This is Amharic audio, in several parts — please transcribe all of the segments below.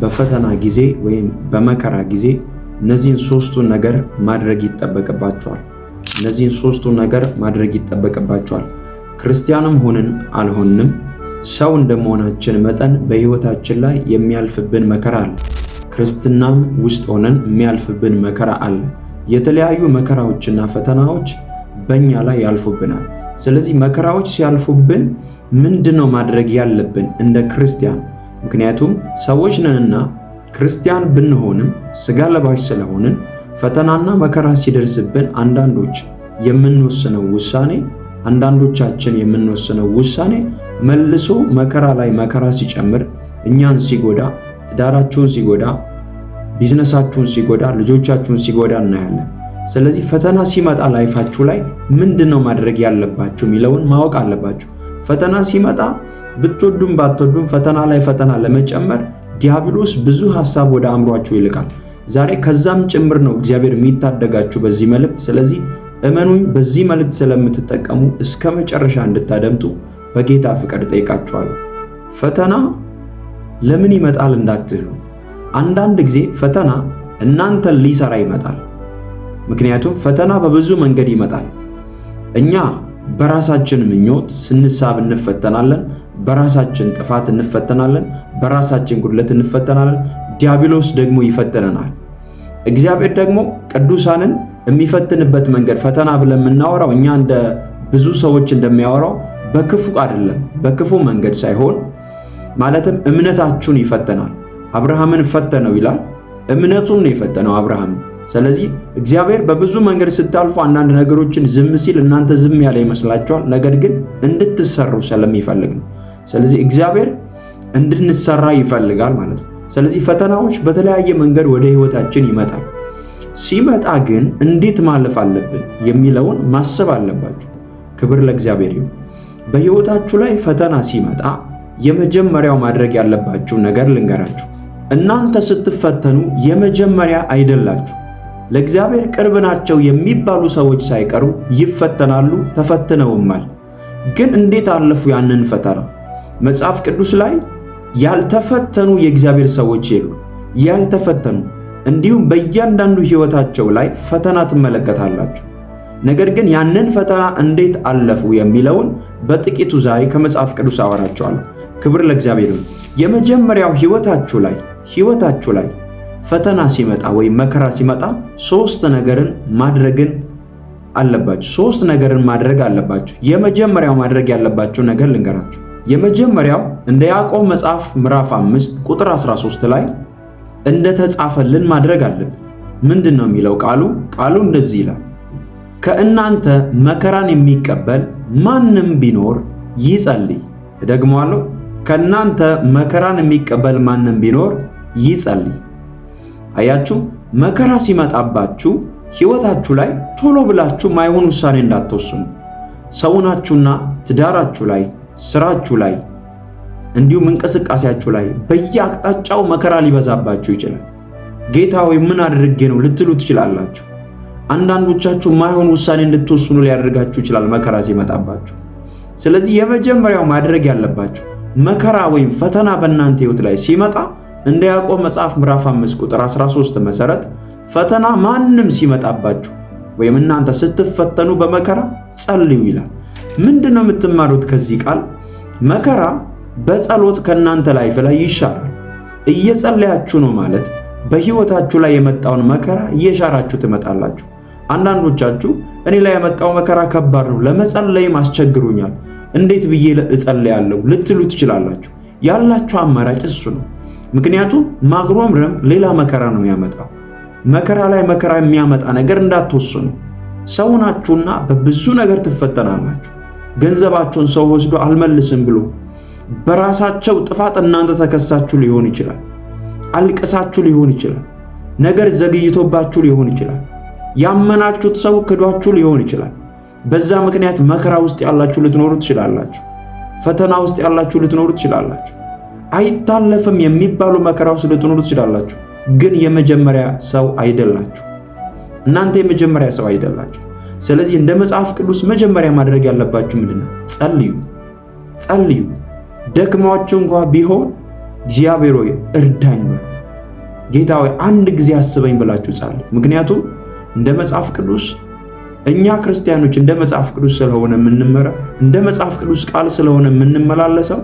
በፈተና ጊዜ ወይም በመከራ ጊዜ እነዚህን ሶስቱን ነገር ማድረግ ይጠበቅባቸዋል። እነዚህን ሶስቱን ነገር ማድረግ ይጠበቅባቸዋል። ክርስቲያንም ሆንን አልሆንም ሰው እንደመሆናችን መጠን በሕይወታችን ላይ የሚያልፍብን መከራ አለ። ክርስትናም ውስጥ ሆነን የሚያልፍብን መከራ አለ። የተለያዩ መከራዎችና ፈተናዎች በእኛ ላይ ያልፉብናል። ስለዚህ መከራዎች ሲያልፉብን ምንድን ነው ማድረግ ያለብን እንደ ክርስቲያን ምክንያቱም ሰዎች ነንና ክርስቲያን ብንሆንም ሥጋ ለባሽ ስለሆንን ፈተናና መከራ ሲደርስብን አንዳንዶች የምንወስነው ውሳኔ አንዳንዶቻችን የምንወስነው ውሳኔ መልሶ መከራ ላይ መከራ ሲጨምር እኛን ሲጎዳ፣ ትዳራችሁን ሲጎዳ፣ ቢዝነሳችሁን ሲጎዳ፣ ልጆቻችሁን ሲጎዳ እናያለን። ስለዚህ ፈተና ሲመጣ ላይፋችሁ ላይ ምንድን ነው ማድረግ ያለባችሁ የሚለውን ማወቅ አለባችሁ። ፈተና ሲመጣ ብትወዱም ባትወዱም ፈተና ላይ ፈተና ለመጨመር ዲያብሎስ ብዙ ሐሳብ ወደ አእምሯችሁ ይልቃል። ዛሬ ከዛም ጭምር ነው እግዚአብሔር የሚታደጋችሁ በዚህ መልእክት። ስለዚህ እመኑኝ፣ በዚህ መልእክት ስለምትጠቀሙ እስከ መጨረሻ እንድታደምጡ በጌታ ፍቅር ጠይቃችኋል። ፈተና ለምን ይመጣል እንዳትሉ፣ አንዳንድ ጊዜ ፈተና እናንተን ሊሰራ ይመጣል። ምክንያቱም ፈተና በብዙ መንገድ ይመጣል። እኛ በራሳችን ምኞት ስንሳብ እንፈተናለን። በራሳችን ጥፋት እንፈተናለን። በራሳችን ጉድለት እንፈተናለን። ዲያብሎስ ደግሞ ይፈተነናል። እግዚአብሔር ደግሞ ቅዱሳንን የሚፈትንበት መንገድ ፈተና ብለን የምናወራው እኛ እንደ ብዙ ሰዎች እንደሚያወራው በክፉ አይደለም፣ በክፉ መንገድ ሳይሆን ማለትም እምነታችሁን ይፈተናል። አብርሃምን ፈተነው ይላል። እምነቱን ነው የፈተነው አብርሃምን ስለዚህ እግዚአብሔር በብዙ መንገድ ስታልፉ አንዳንድ ነገሮችን ዝም ሲል እናንተ ዝም ያለ ይመስላችኋል። ነገር ግን እንድትሰሩ ስለሚፈልግ ነው። ስለዚህ እግዚአብሔር እንድንሰራ ይፈልጋል ማለት ነው። ስለዚህ ፈተናዎች በተለያየ መንገድ ወደ ህይወታችን ይመጣል። ሲመጣ ግን እንዴት ማለፍ አለብን የሚለውን ማሰብ አለባችሁ። ክብር ለእግዚአብሔር ይሁን። በህይወታችሁ ላይ ፈተና ሲመጣ የመጀመሪያው ማድረግ ያለባችሁ ነገር ልንገራችሁ። እናንተ ስትፈተኑ የመጀመሪያ አይደላችሁ ለእግዚአብሔር ቅርብ ናቸው የሚባሉ ሰዎች ሳይቀሩ ይፈተናሉ፣ ተፈትነውማል። ግን እንዴት አለፉ ያንን ፈተና? መጽሐፍ ቅዱስ ላይ ያልተፈተኑ የእግዚአብሔር ሰዎች የሉ። ያልተፈተኑ እንዲሁም በእያንዳንዱ ሕይወታቸው ላይ ፈተና ትመለከታላችሁ። ነገር ግን ያንን ፈተና እንዴት አለፉ የሚለውን በጥቂቱ ዛሬ ከመጽሐፍ ቅዱስ አወራቸዋለሁ። ክብር ለእግዚአብሔር ነው። የመጀመሪያው ሕይወታችሁ ላይ ሕይወታችሁ ላይ ፈተና ሲመጣ ወይም መከራ ሲመጣ ሶስት ነገርን ማድረግን አለባችሁ። ሶስት ነገርን ማድረግ አለባችሁ። የመጀመሪያው ማድረግ ያለባችሁ ነገር ልንገራችሁ። የመጀመሪያው እንደ ያዕቆብ መጽሐፍ ምዕራፍ 5 ቁጥር 13 ላይ እንደተጻፈልን ማድረግ አለብን። ምንድን ነው የሚለው ቃሉ? ቃሉ እንደዚህ ይላል፣ ከእናንተ መከራን የሚቀበል ማንም ቢኖር ይጸልይ። እደግመዋለሁ፣ ከእናንተ መከራን የሚቀበል ማንም ቢኖር ይጸልይ። አያችሁ፣ መከራ ሲመጣባችሁ ሕይወታችሁ ላይ ቶሎ ብላችሁ ማይሆን ውሳኔ እንዳትወስኑ። ሰውናችሁና ትዳራችሁ ላይ፣ ስራችሁ ላይ እንዲሁም እንቅስቃሴያችሁ ላይ በየአቅጣጫው መከራ ሊበዛባችሁ ይችላል። ጌታ ሆይ ምን አድርጌ ነው ልትሉ ትችላላችሁ። አንዳንዶቻችሁ ማይሆን ውሳኔ እንድትወስኑ ሊያደርጋችሁ ይችላል መከራ ሲመጣባችሁ። ስለዚህ የመጀመሪያው ማድረግ ያለባችሁ መከራ ወይም ፈተና በእናንተ ሕይወት ላይ ሲመጣ እንደ ያዕቆብ መጽሐፍ ምዕራፍ 5 ቁጥር 13 መሰረት ፈተና ማንም ሲመጣባችሁ ወይም እናንተ ስትፈተኑ በመከራ ጸልዩ ይላል። ምንድን ነው የምትማሩት ከዚህ ቃል? መከራ በጸሎት ከእናንተ ላይፍ ላይ ይሻራል። እየጸለያችሁ ነው ማለት በሕይወታችሁ ላይ የመጣውን መከራ እየሻራችሁ ትመጣላችሁ። አንዳንዶቻችሁ እኔ ላይ የመጣው መከራ ከባድ ነው፣ ለመጸለይም አስቸግሮኛል፣ እንዴት ብዬ እጸለያለሁ ልትሉ ትችላላችሁ። ያላችሁ አማራጭ እሱ ነው። ምክንያቱም ማጉረምረም ሌላ መከራ ነው የሚያመጣው። መከራ ላይ መከራ የሚያመጣ ነገር እንዳትወስኑ። ሰው ናችሁና በብዙ ነገር ትፈተናላችሁ። ገንዘባችሁን ሰው ወስዶ አልመልስም ብሎ በራሳቸው ጥፋት እናንተ ተከሳችሁ ሊሆን ይችላል። አልቅሳችሁ ሊሆን ይችላል። ነገር ዘግይቶባችሁ ሊሆን ይችላል። ያመናችሁት ሰው ክዷችሁ ሊሆን ይችላል። በዛ ምክንያት መከራ ውስጥ ያላችሁ ልትኖሩ ትችላላችሁ። ፈተና ውስጥ ያላችሁ ልትኖሩ ትችላላችሁ። አይታለፍም የሚባሉ መከራ ውስጥ ልትኖሩ ትችላላችሁ። ግን የመጀመሪያ ሰው አይደላችሁ። እናንተ የመጀመሪያ ሰው አይደላችሁ። ስለዚህ እንደ መጽሐፍ ቅዱስ መጀመሪያ ማድረግ ያለባችሁ ምንድነው? ጸልዩ፣ ጸልዩ። ደክሟችሁ እንኳ ቢሆን እግዚአብሔር ሆይ እርዳኝ፣ ጌታ ሆይ አንድ ጊዜ አስበኝ ብላችሁ ጸልዩ። ምክንያቱም እንደ መጽሐፍ ቅዱስ እኛ ክርስቲያኖች እንደ መጽሐፍ ቅዱስ ስለሆነ የምንመራ እንደ መጽሐፍ ቅዱስ ቃል ስለሆነ የምንመላለሰው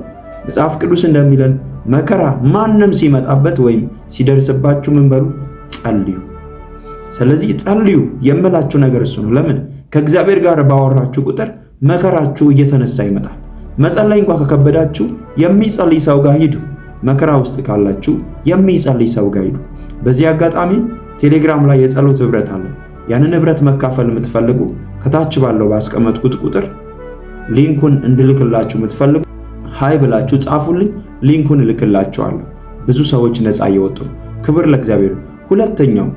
መጽሐፍ ቅዱስ እንደሚለን መከራ ማንም ሲመጣበት ወይም ሲደርስባችሁ ምን በሉ? ጸልዩ። ስለዚህ ጸልዩ የምላችሁ ነገር እሱ ነው። ለምን? ከእግዚአብሔር ጋር ባወራችሁ ቁጥር መከራችሁ እየተነሳ ይመጣል። መጸለይ እንኳ ከከበዳችሁ የሚጸልይ ሰው ጋር ሂዱ። መከራ ውስጥ ካላችሁ የሚጸልይ ሰው ጋር ሂዱ። በዚህ አጋጣሚ ቴሌግራም ላይ የጸሎት ህብረት አለ። ያንን ህብረት መካፈል የምትፈልጉ ከታች ባለው ባስቀመጥኩት ቁጥር ሊንኩን እንድልክላችሁ የምትፈልጉ ሃይ ብላችሁ ጻፉልኝ፣ ሊንኩን እልክላችኋለሁ። ብዙ ሰዎች ነፃ እየወጡ ነው። ክብር ለእግዚአብሔር። ሁለተኛው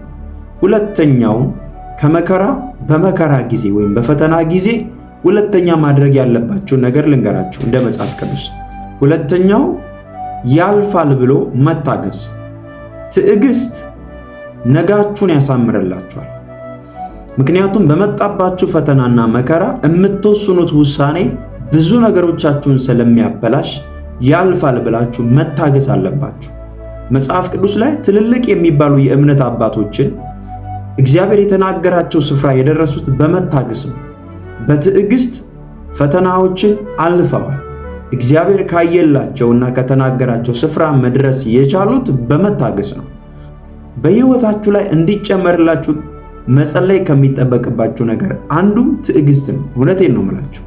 ሁለተኛው ከመከራ በመከራ ጊዜ ወይም በፈተና ጊዜ ሁለተኛ ማድረግ ያለባቸውን ነገር ልንገራቸው እንደ መጽሐፍ ቅዱስ። ሁለተኛው ያልፋል ብሎ መታገስ። ትዕግስት ነጋችሁን ያሳምርላችኋል። ምክንያቱም በመጣባችሁ ፈተናና መከራ የምትወስኑት ውሳኔ ብዙ ነገሮቻችሁን ስለሚያበላሽ ያልፋል ብላችሁ መታገስ አለባችሁ። መጽሐፍ ቅዱስ ላይ ትልልቅ የሚባሉ የእምነት አባቶችን እግዚአብሔር የተናገራቸው ስፍራ የደረሱት በመታገስ ነው። በትዕግስት ፈተናዎችን አልፈዋል። እግዚአብሔር ካየላቸውና ከተናገራቸው ስፍራ መድረስ የቻሉት በመታገስ ነው። በሕይወታችሁ ላይ እንዲጨመርላችሁ መጸለይ ከሚጠበቅባችሁ ነገር አንዱ ትዕግስት ነው። እውነቴን ነው የምላችሁ።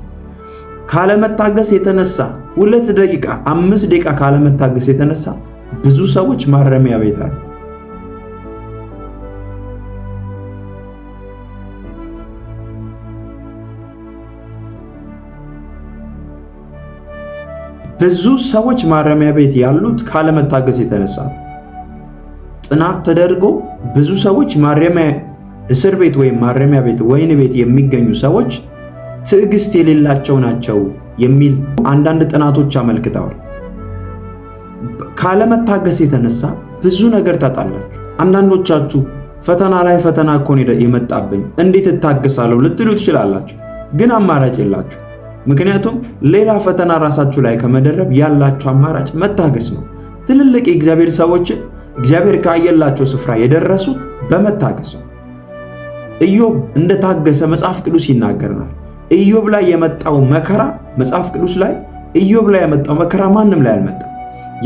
ካለመታገስ የተነሳ ሁለት ደቂቃ አምስት ደቂቃ ካለመታገስ የተነሳ ብዙ ሰዎች ማረሚያ ቤት አሉ። ብዙ ሰዎች ማረሚያ ቤት ያሉት ካለመታገስ የተነሳ ጥናት ተደርጎ ብዙ ሰዎች ማረሚያ እስር ቤት ወይም ማረሚያ ቤት ወይን ቤት የሚገኙ ሰዎች ትዕግስት የሌላቸው ናቸው የሚል አንዳንድ ጥናቶች አመልክተዋል። ካለመታገስ የተነሳ ብዙ ነገር ታጣላችሁ። አንዳንዶቻችሁ ፈተና ላይ ፈተና እኮ የመጣብኝ እንዴት እታገሳለሁ ልትሉ ትችላላችሁ። ግን አማራጭ የላችሁ። ምክንያቱም ሌላ ፈተና ራሳችሁ ላይ ከመደረብ ያላችሁ አማራጭ መታገስ ነው። ትልልቅ የእግዚአብሔር ሰዎችን እግዚአብሔር ካየላቸው ስፍራ የደረሱት በመታገስ ነው። ኢዮብ እንደታገሰ መጽሐፍ ቅዱስ ይናገርናል። ኢዮብ ላይ የመጣው መከራ መጽሐፍ ቅዱስ ላይ ኢዮብ ላይ የመጣው መከራ ማንም ላይ አልመጣም።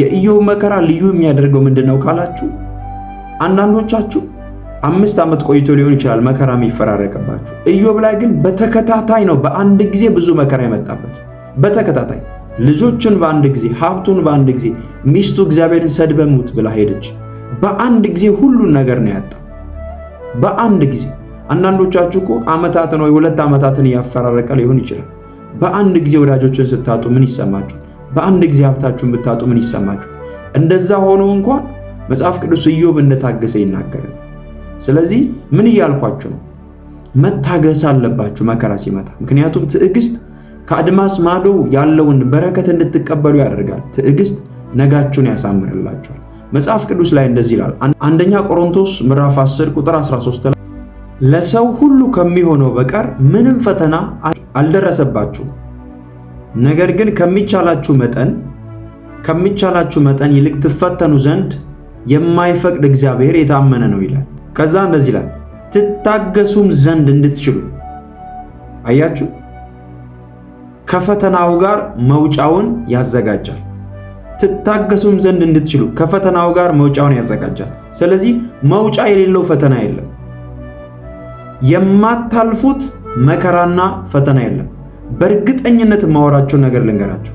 የኢዮብ መከራ ልዩ የሚያደርገው ምንድን ነው ካላችሁ አንዳንዶቻችሁ አምስት ዓመት ቆይቶ ሊሆን ይችላል መከራ የሚፈራረቅባችሁ። ኢዮብ ላይ ግን በተከታታይ ነው፣ በአንድ ጊዜ ብዙ መከራ የመጣበት በተከታታይ ልጆቹን በአንድ ጊዜ፣ ሀብቱን በአንድ ጊዜ፣ ሚስቱ እግዚአብሔርን ሰድበሙት ብላ ሄደች። በአንድ ጊዜ ሁሉን ነገር ነው ያጣው በአንድ ጊዜ አንዳንዶቻችሁ እኮ ዓመታትን ወይ ሁለት ዓመታትን እያፈራረቀ ሊሆን ይችላል። በአንድ ጊዜ ወዳጆችን ስታጡ ምን ይሰማችሁ? በአንድ ጊዜ ሀብታችሁን ብታጡ ምን ይሰማችሁ? እንደዛ ሆኖ እንኳን መጽሐፍ ቅዱስ ኢዮብ እንደታገሰ ይናገራል። ስለዚህ ምን እያልኳችሁ ነው? መታገስ አለባችሁ መከራ ሲመጣ። ምክንያቱም ትዕግስት ከአድማስ ማዶ ያለውን በረከት እንድትቀበሉ ያደርጋል። ትዕግስት ነጋችሁን ያሳምርላችኋል። መጽሐፍ ቅዱስ ላይ እንደዚህ ይላል። አንደኛ ቆሮንቶስ ምዕራፍ 10 ቁጥር 13 ለሰው ሁሉ ከሚሆነው በቀር ምንም ፈተና አልደረሰባችሁ። ነገር ግን ከሚቻላችሁ መጠን ከሚቻላችሁ መጠን ይልቅ ትፈተኑ ዘንድ የማይፈቅድ እግዚአብሔር የታመነ ነው ይላል። ከዛ እንደዚህ ይላል ትታገሱም ዘንድ እንድትችሉ። አያችሁ፣ ከፈተናው ጋር መውጫውን ያዘጋጃል። ትታገሱም ዘንድ እንድትችሉ ከፈተናው ጋር መውጫውን ያዘጋጃል። ስለዚህ መውጫ የሌለው ፈተና የለም። የማታልፉት መከራና ፈተና የለም። በእርግጠኝነት የማወራችሁ ነገር ልንገራችሁ፣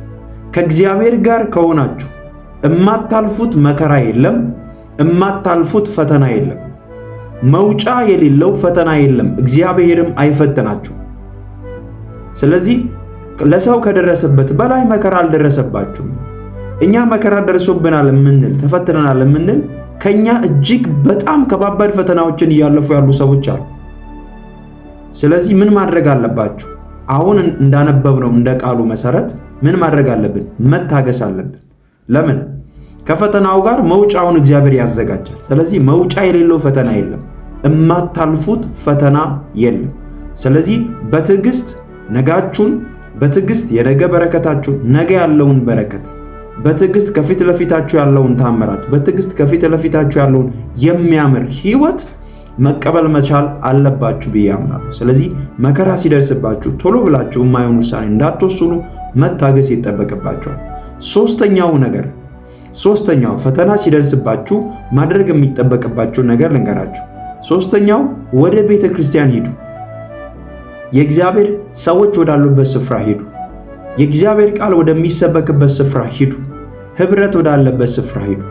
ከእግዚአብሔር ጋር ከሆናችሁ እማታልፉት መከራ የለም፣ እማታልፉት ፈተና የለም። መውጫ የሌለው ፈተና የለም። እግዚአብሔርም አይፈትናችሁ። ስለዚህ ለሰው ከደረሰበት በላይ መከራ አልደረሰባችሁም። እኛ መከራ ደርሶብናል የምንል ተፈትነናል የምንል ከኛ እጅግ በጣም ከባባድ ፈተናዎችን እያለፉ ያሉ ሰዎች አሉ። ስለዚህ ምን ማድረግ አለባችሁ? አሁን እንዳነበብነው እንደ ቃሉ መሰረት ምን ማድረግ አለብን? መታገስ አለብን። ለምን? ከፈተናው ጋር መውጫውን እግዚአብሔር ያዘጋጃል። ስለዚህ መውጫ የሌለው ፈተና የለም፣ እማታልፉት ፈተና የለም። ስለዚህ በትዕግስት ነጋችሁን፣ በትዕግስት የነገ በረከታችሁን፣ ነገ ያለውን በረከት በትዕግስት ከፊት ለፊታችሁ ያለውን ታምራት፣ በትዕግስት ከፊት ለፊታችሁ ያለውን የሚያምር ህይወት መቀበል መቻል አለባችሁ ብዬ አምናለሁ። ስለዚህ መከራ ሲደርስባችሁ ቶሎ ብላችሁ የማይሆን ውሳኔ እንዳትወስኑ መታገስ ይጠበቅባችኋል። ሶስተኛው ነገር ሶስተኛው ፈተና ሲደርስባችሁ ማድረግ የሚጠበቅባችሁ ነገር ልንገራችሁ። ሶስተኛው ወደ ቤተ ክርስቲያን ሂዱ። የእግዚአብሔር ሰዎች ወዳሉበት ስፍራ ሂዱ። የእግዚአብሔር ቃል ወደሚሰበክበት ስፍራ ሂዱ። ህብረት ወዳለበት ስፍራ ሂዱ።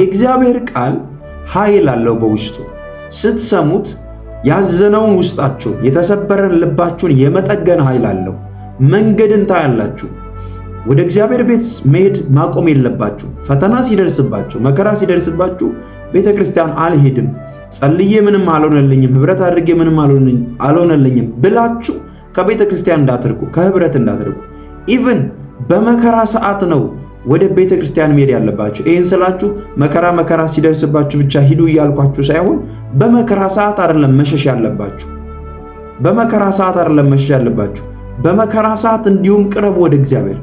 የእግዚአብሔር ቃል ኃይል አለው በውስጡ ስትሰሙት ያዘነውን ውስጣችሁን የተሰበረን ልባችሁን የመጠገን ኃይል አለው። መንገድን ታያላችሁ። ወደ እግዚአብሔር ቤት መሄድ ማቆም የለባችሁ። ፈተና ሲደርስባችሁ፣ መከራ ሲደርስባችሁ ቤተ ክርስቲያን አልሄድም፣ ጸልዬ ምንም አልሆነልኝም፣ ህብረት አድርጌ ምንም አልሆነልኝም ብላችሁ ከቤተ ክርስቲያን እንዳትርቁ፣ ከህብረት እንዳትርቁ። ኢቭን በመከራ ሰዓት ነው ወደ ቤተ ክርስቲያን መሄድ ያለባችሁ። ይህን ስላችሁ መከራ መከራ ሲደርስባችሁ ብቻ ሂዱ እያልኳችሁ ሳይሆን በመከራ ሰዓት አይደለም መሸሽ ያለባችሁ። በመከራ ሰዓት አይደለም መሸሽ ያለባችሁ። በመከራ ሰዓት እንዲሁም ቅረቡ ወደ እግዚአብሔር።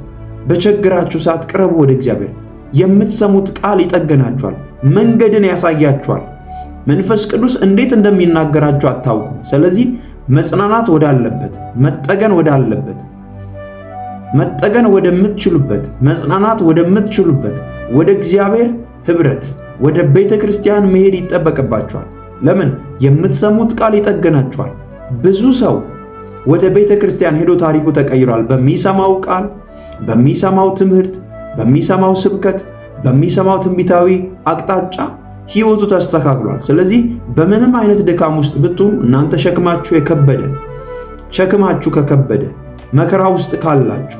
በችግራችሁ ሰዓት ቅረቡ ወደ እግዚአብሔር። የምትሰሙት ቃል ይጠገናችኋል፣ መንገድን ያሳያችኋል። መንፈስ ቅዱስ እንዴት እንደሚናገራችሁ አታውቁም። ስለዚህ መጽናናት ወዳለበት መጠገን ወዳለበት መጠገን ወደምትችሉበት፣ መጽናናት ወደምትችሉበት ወደ እግዚአብሔር ኅብረት ወደ ቤተ ክርስቲያን መሄድ ይጠበቅባችኋል። ለምን? የምትሰሙት ቃል ይጠገናቸዋል? ብዙ ሰው ወደ ቤተ ክርስቲያን ሄዶ ታሪኩ ተቀይሯል። በሚሰማው ቃል፣ በሚሰማው ትምህርት፣ በሚሰማው ስብከት፣ በሚሰማው ትንቢታዊ አቅጣጫ ሕይወቱ ተስተካክሏል። ስለዚህ በምንም አይነት ድካም ውስጥ ብትሆኑ እናንተ ሸክማችሁ የከበደ ሸክማችሁ ከከበደ መከራ ውስጥ ካላችሁ፣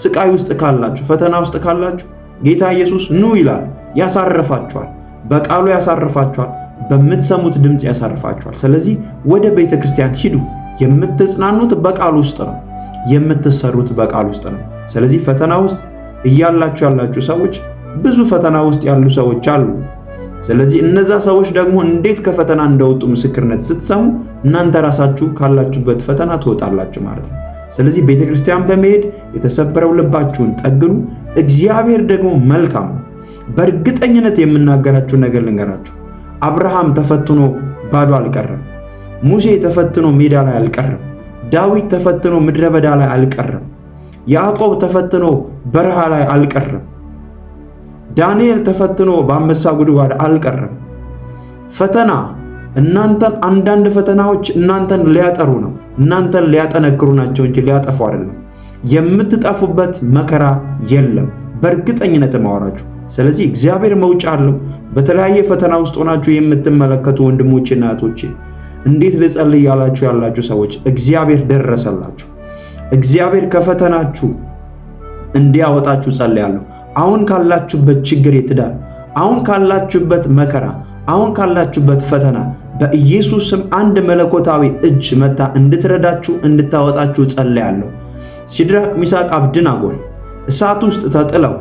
ስቃይ ውስጥ ካላችሁ፣ ፈተና ውስጥ ካላችሁ ጌታ ኢየሱስ ኑ ይላል። ያሳርፋችኋል፣ በቃሉ ያሳርፋችኋል፣ በምትሰሙት ድምፅ ያሳርፋችኋል። ስለዚህ ወደ ቤተ ክርስቲያን ሂዱ። የምትጽናኑት በቃል ውስጥ ነው፣ የምትሰሩት በቃል ውስጥ ነው። ስለዚህ ፈተና ውስጥ እያላችሁ ያላችሁ ሰዎች ብዙ ፈተና ውስጥ ያሉ ሰዎች አሉ። ስለዚህ እነዛ ሰዎች ደግሞ እንዴት ከፈተና እንደወጡ ምስክርነት ስትሰሙ እናንተ ራሳችሁ ካላችሁበት ፈተና ትወጣላችሁ ማለት ነው። ስለዚህ ቤተ ክርስቲያን በመሄድ የተሰበረው ልባችሁን ጠግኑ። እግዚአብሔር ደግሞ መልካም ነው። በእርግጠኝነት የምናገራችሁ ነገር ልንገራችሁ። አብርሃም ተፈትኖ ባዶ አልቀረም። ሙሴ ተፈትኖ ሜዳ ላይ አልቀረም። ዳዊት ተፈትኖ ምድረ በዳ ላይ አልቀረም። ያዕቆብ ተፈትኖ በረሃ ላይ አልቀረም። ዳንኤል ተፈትኖ በአንበሳ ጉድጓድ አልቀረም። ፈተና እናንተን አንዳንድ ፈተናዎች እናንተን ሊያጠሩ ነው፣ እናንተን ሊያጠነክሩ ናቸው እንጂ ሊያጠፉ አይደለም። የምትጠፉበት መከራ የለም፣ በእርግጠኝነት ማወራችሁ። ስለዚህ እግዚአብሔር መውጫ አለው። በተለያየ ፈተና ውስጥ ሆናችሁ የምትመለከቱ ወንድሞቼና እህቶቼ እንዴት ልጸልይ ያላችሁ ያላችሁ ሰዎች እግዚአብሔር ደረሰላችሁ። እግዚአብሔር ከፈተናችሁ እንዲያወጣችሁ ጸልያለሁ። አሁን ካላችሁበት ችግር የትዳር አሁን ካላችሁበት መከራ አሁን ካላችሁበት ፈተና በኢየሱስ ስም አንድ መለኮታዊ እጅ መታ እንድትረዳችሁ እንድታወጣችሁ ጸልያለሁ። ሲድራቅ ሚሳቅ አብድናጎል እሳት ውስጥ ተጥለው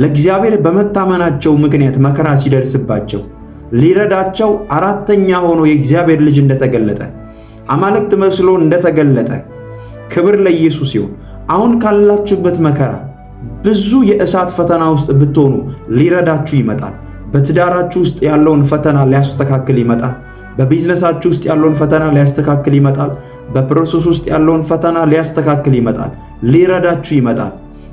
ለእግዚአብሔር በመታመናቸው ምክንያት መከራ ሲደርስባቸው ሊረዳቸው አራተኛ ሆኖ የእግዚአብሔር ልጅ እንደተገለጠ አማልክት መስሎ እንደተገለጠ ክብር ለኢየሱስ ይሁን። አሁን ካላችሁበት መከራ ብዙ የእሳት ፈተና ውስጥ ብትሆኑ ሊረዳችሁ ይመጣል። በትዳራችሁ ውስጥ ያለውን ፈተና ሊያስተካክል ይመጣል። በቢዝነሳችሁ ውስጥ ያለውን ፈተና ሊያስተካክል ይመጣል። በፕሮሰስ ውስጥ ያለውን ፈተና ሊያስተካክል ይመጣል። ሊረዳችሁ ይመጣል።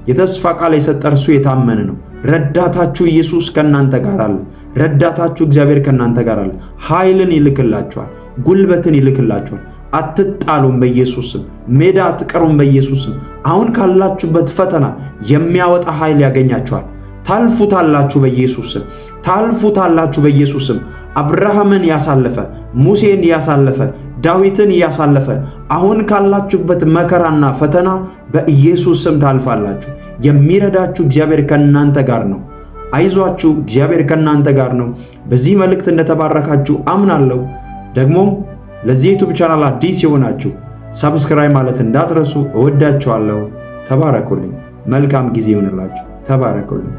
የተስፋ ቃል የሰጠ እርሱ የታመነ ነው። ረዳታችሁ ኢየሱስ ከእናንተ ጋር አለ። ረዳታችሁ እግዚአብሔር ከእናንተ ጋር አለ። ኃይልን ይልክላችኋል። ጉልበትን ይልክላችኋል። አትጣሉም በኢየሱስም ሜዳ አትቀሩም በኢየሱስም አሁን ካላችሁበት ፈተና የሚያወጣ ኃይል ያገኛችኋል። ታልፉታላችሁ በኢየሱስም ታልፉታላችሁ በኢየሱስም አብርሃምን ያሳለፈ፣ ሙሴን ያሳለፈ፣ ዳዊትን ያሳለፈ አሁን ካላችሁበት መከራና ፈተና በኢየሱስ ስም ታልፋላችሁ። የሚረዳችሁ እግዚአብሔር ከእናንተ ጋር ነው። አይዟችሁ፣ እግዚአብሔር ከእናንተ ጋር ነው። በዚህ መልእክት እንደተባረካችሁ አምናለሁ። ደግሞም ለዚህ ዩቱብ ቻናል አዲስ የሆናችሁ ሰብስክራይብ ማለት እንዳትረሱ። እወዳችኋለሁ። ተባረኩልኝ። መልካም ጊዜ ይሆንላችሁ። ተባረኩልኝ።